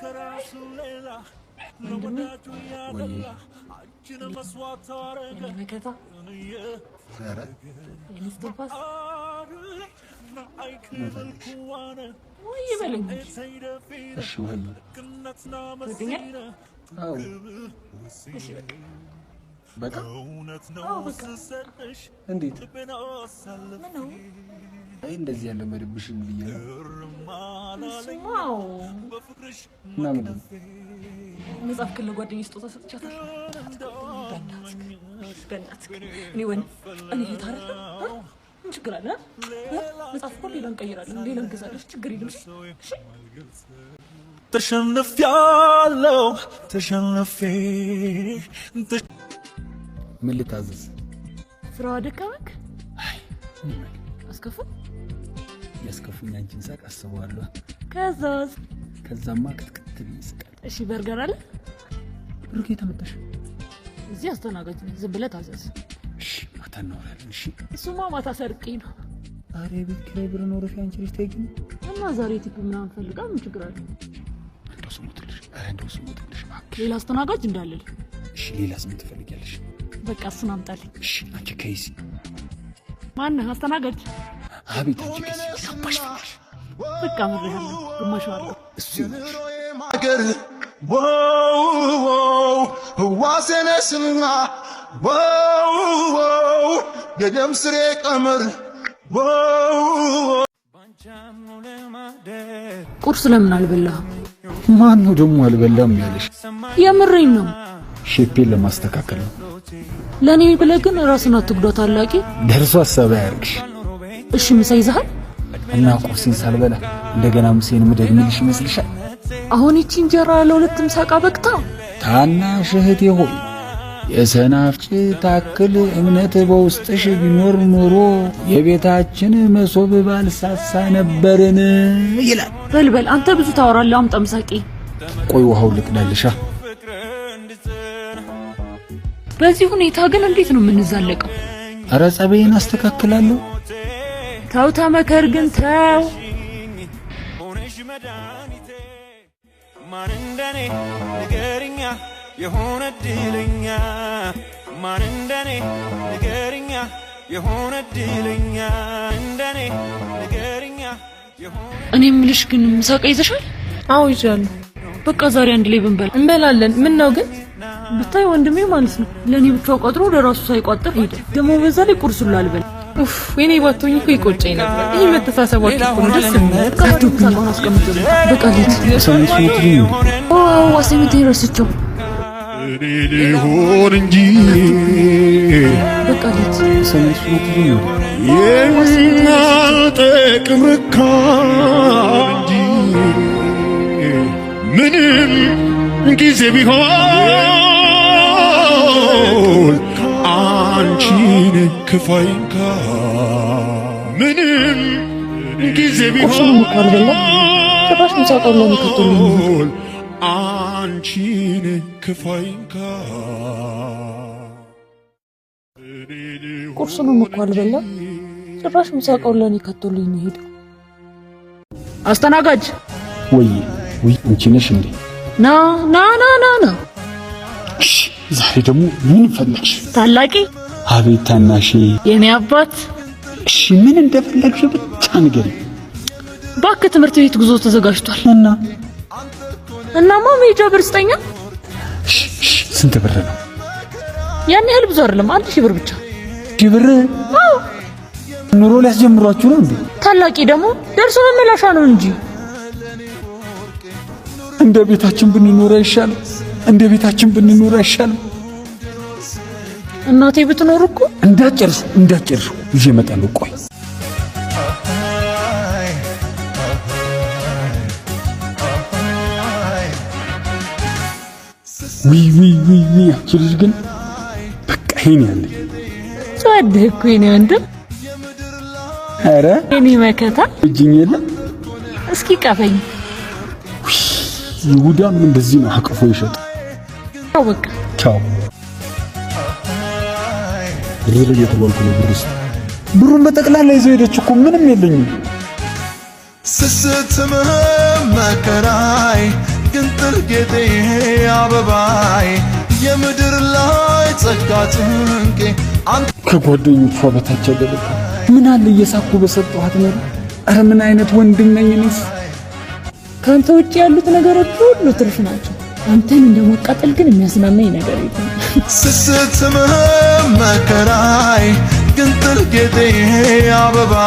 ከራሱ ሌላ በቃ እንዴት እንደዚህ ያለ መድብሽን ብዬ ነው ዋው ምናምን መጽሐፍ ግን ለጓደኛዬ ስጦታ ሰጥቻታለሁ። በእናትህ እኔ እኔ እህት አለ ምን ችግር አለ? መጽሐፍ እኮ ሌላ እንቀይራለን፣ ሌላ እንገዛለን። ችግር የለም። ተሸንፌ ምን ልታዘዝ? ስራው አስከፉ ያስከፉኝ አንቺን ሳቅ አስበዋለሁ ከዛስ? ከዛማ ክትክት ይስቃል። እሺ በርገር አለ ብሩኬ ተመጣሽ እዚህ አስተናጋጅ ዝም ብለህ ታዘዝ። እሺ ማታ እናወራለን። እሺ እሱማ ማታ ሰርቄ ነው። ኧረ የቤት ኪራይ ብር ኖሮሽ አንቺ ልጅ ታይቂኝ እና ዛሬ ቲፕ ምናምን ፈልጋ ምን ችግር አለ? እንደው ስሙትልሽ፣ እንደው ስሙትልሽ እባክሽ። ሌላ አስተናጋጅ እንዳለል። እሺ ሌላስ ምን ትፈልጊያለሽ? በቃ እሱን አምጣልኝ። እሺ አንቺ ከይሲ ማነህ አስተናጋጅ? አቤት አንቺ ከይሲ ገባሽ ፍቅር በቃ ምሬሃለ ግማሽ የደም ስሬ ቀመር ቁርስ ለምን አልበላህም? ማን ነው ደግሞ አልበላም ያለሽ? የምሬን ነው። ሼፔን ለማስተካከል ነው። ለእኔ ብለህ ግን ራስን አትጉዳት። አላቂ ደርሶ አሰበ ያርግሽ። እሺ ምሳ ይዘሃል? እና ቁርሴን ሳልበላ እንደገና ምሴን ምደግምልሽ ይመስልሻል? አሁን ይቺ እንጀራ ለሁለት ምሳቃ በቅታ። ታናሽ እህቴ ሆይ የሰናፍጭ ታክል እምነት በውስጥሽ ቢኖር ኖሮ የቤታችን መሶብ ባልሳሳ ነበርን ይላል። በልበል አንተ ብዙ ታወራለህ። አምጣ ምሳቄ። ቆይ ውሃው ልቅዳልሻ። በዚህ ሁኔታ ግን እንዴት ነው የምንዛለቀው? እረ ጸበዬን አስተካክላለሁ። ተው ተመከር ግን ተው ሆነሽ መድኃኒቴ ማን እንደኔ ንገርኛ የሆነ ድለኛ ማን እንደኔ ንገርኛ የሆነ ድለኛ እንደኔ ንገርኛ እኔ ምልሽ ግን ምሳቃ ይዘሻል? አዎ ይዣለሁ። በቃ ዛሬ አንድ ላይ ብንበላ እንበላለን። ምን ነው ግን ብታይ ወንድሜ ማለት ነው ለእኔ ብቻው ቀጥሮ ለራሱ ሳይቋጥር ሄደ። ደግሞ በዛ ላይ ቁርሱን ላልበላ ኡፍ የኔ ባትሆኝ እኮ ይቆጨኝ ነበር። ይህ መተሳሰባችሁ እኮ ነው ደስ የሚል። እንጂ የማልጠቅም እንጂ ምንም ጊዜ ቢሆን አንቺን ክፉ አይንካ ምንም ጊዜ ቢሆን አንቺን ክፉ አይንካ። ቁርሱንም እኮ አልበላም። ጭራሽ ምሳቀውን ለእኔ ከቶልኝ ነው የሄደው። አስተናጋጅ ወይ ወይ፣ አንቺ ነሽ እንዴ? ና ና ና ና ና። ዛሬ ደግሞ ምን ፈለግሽ ታላቂ? አቤት ታናሽ የኔ አባት፣ እሺ ምን እንደፈለግሽ ብቻ ንገሪኝ እባክህ። ትምህርት ቤት ጉዞ ተዘጋጅቷል። እና እናማ መሄጃ ብር ስጠኛ። ስንት ብር ነው? ያን ያህል ብዙ አይደለም፣ አንድ ሺህ ብር ብቻ። ሺህ ብር? አዎ። ኑሮ ሊያስጀምሯችሁ ነው እንዴ? ታላቂ ደግሞ ደርሶ መመላሻ ነው እንጂ እንደ ቤታችን ብንኖር አይሻልም? እንደ ቤታችን ብንኖር አይሻልም? እናቴ ብትኖር እኮ እንዳትጨርሱ እንዳትጨርሱ ይዤ እመጣለሁ። ቆይ ውይ ያቺ ልጅ ግን በቃ ይሄን ያለ ጸድህ እኮ ይኔ ወንድም አረ እኔ መከታ እጅኝ የለም እስኪ ቀፈኝ። ይሁዳ ምን እንደዚህ ነው አቅፎ ይሸጥ። በቃ ቻው ብር እየተባልኩ ነው። ብር ውስጥ ብሩን በጠቅላላ ይዘው ሄደች እኮ ምንም የለኝም። ስስትምህም መከራይ ግንጥል ጌጤ አበባይ የምድር ላይ ጸጋ ጭንቄ ከጓደኞቿ በታች ያደረገ ምን አለ እየሳኩ በሰጠኋት ነው። አረ ምን አይነት ወንድም ነኝ እኔስ! ከአንተ ውጭ ያሉት ነገሮች ሁሉ ትርፍ ናቸው። አንተን እንደመቃጠል ግን የሚያስማመኝ ነገር የለም። ስስትምህም መከራይ ግን ጥልቅ የጤ አበባ